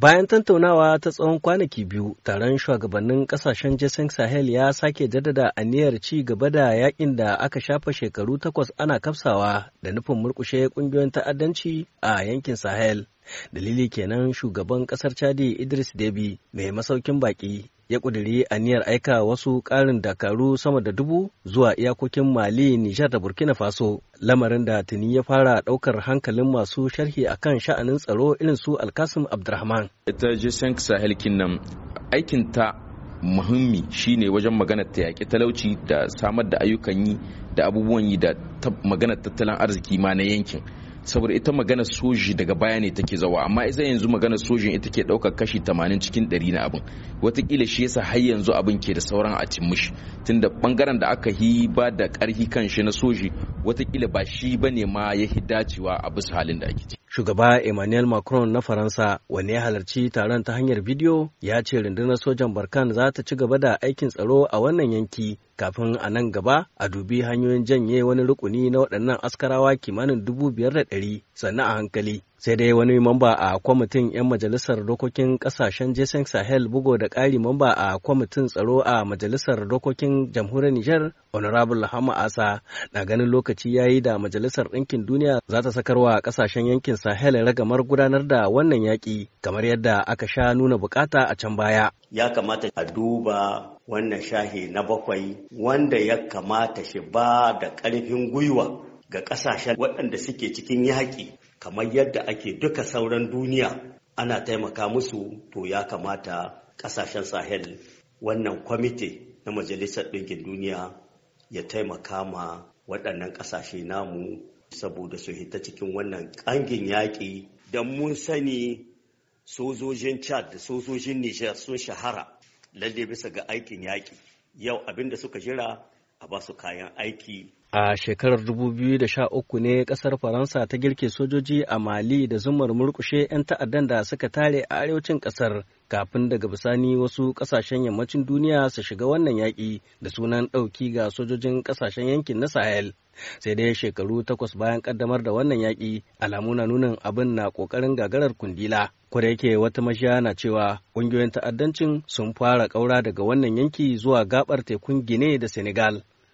Bayan tantaunawa ta tsawon kwanaki biyu, taron shugabannin kasashen Jason Sahel ya sake jaddada aniyar ci gaba da yakin da aka shafa shekaru takwas ana kafsawa da nufin murkushe kungiyoyin ta'addanci a yankin Sahel. Dalili kenan shugaban kasar Chadi Idris Deby mai masaukin baki ya ƙudiri aniyar aika wasu ƙarin dakaru sama da dubu zuwa iyakokin Mali, Nijar da Burkina Faso, lamarin da tuni ya fara ɗaukar hankalin masu sharhi a kan sha'anin tsaro irin su Alkasim Abdurrahman. Ita G5 Sahel kinnan aikin ta muhimmi shine wajen magana ta yaƙi talauci da samar da ayyukan yi da abubuwan yi da maganar tattalin arziki ma na yankin. saboda ita magana soji daga baya ne take zawa amma ita yanzu magana sojin ita ke daukar kashi 80 cikin 100 na abin watakila shi yasa har yanzu abin ke da sauran a mushi tunda bangaren da aka yi ba da karfi kan shi na soji watakila ba shi ba ne ma ya dacewa a bisa halin da ake ciki shugaba emmanuel macron na faransa wanne ya halarci taron ta hanyar bidiyo ya ce rundunar sojan barkan za ta ci gaba da aikin tsaro a wannan yanki kafin a nan gaba a dubi hanyoyin janye wani rukuni na waɗannan askarawa kimanin dubu biyar da ɗari sannan a hankali sai dai wani mamba a kwamitin 'yan majalisar dokokin ƙasashen jason sahel bugo da ƙari mamba a kwamitin tsaro a majalisar dokokin jamhuriyar nijar honorable hama asa na ganin lokaci ya yi da majalisar ɗinkin duniya za ta sakarwa ƙasashen yankin sahel ragamar gudanar da wannan yaƙi kamar yadda aka sha nuna bukata a can baya ya kamata a duba wannan shahi na bakwai wanda ya kamata shi ba da ƙarfin gwiwa ga ƙasashen waɗanda suke cikin yaƙi kamar yadda ake duka sauran duniya ana taimaka musu to ya kamata ƙasashen sahel wannan kwamiti na majalisar ɗinkin duniya ya taimaka ma waɗannan ƙasashe namu saboda su hita cikin wannan ƙangin yaƙi don mun sani sojojin chad da sojojin niger sun shahara lalle bisa ga aikin yaƙi yau abin da suka jira a ba kayan aiki A shekarar 2013 ne ƙasar Faransa ta girke sojoji a Mali da zumar murkushe 'yan ta'addan da suka tare a arewacin ƙasar kafin daga bisani wasu ƙasashen yammacin duniya su shiga wannan yaƙi da sunan ɗauki ga sojojin ƙasashen yankin na Sahel. Sai dai shekaru takwas bayan ƙaddamar da wannan yaƙi alamu na nunin abin na ƙoƙarin gagarar kundila. Kuda yake wata mashiya na cewa ƙungiyoyin ta'addancin sun fara ƙaura daga wannan yanki zuwa gaɓar tekun Gine da Senegal.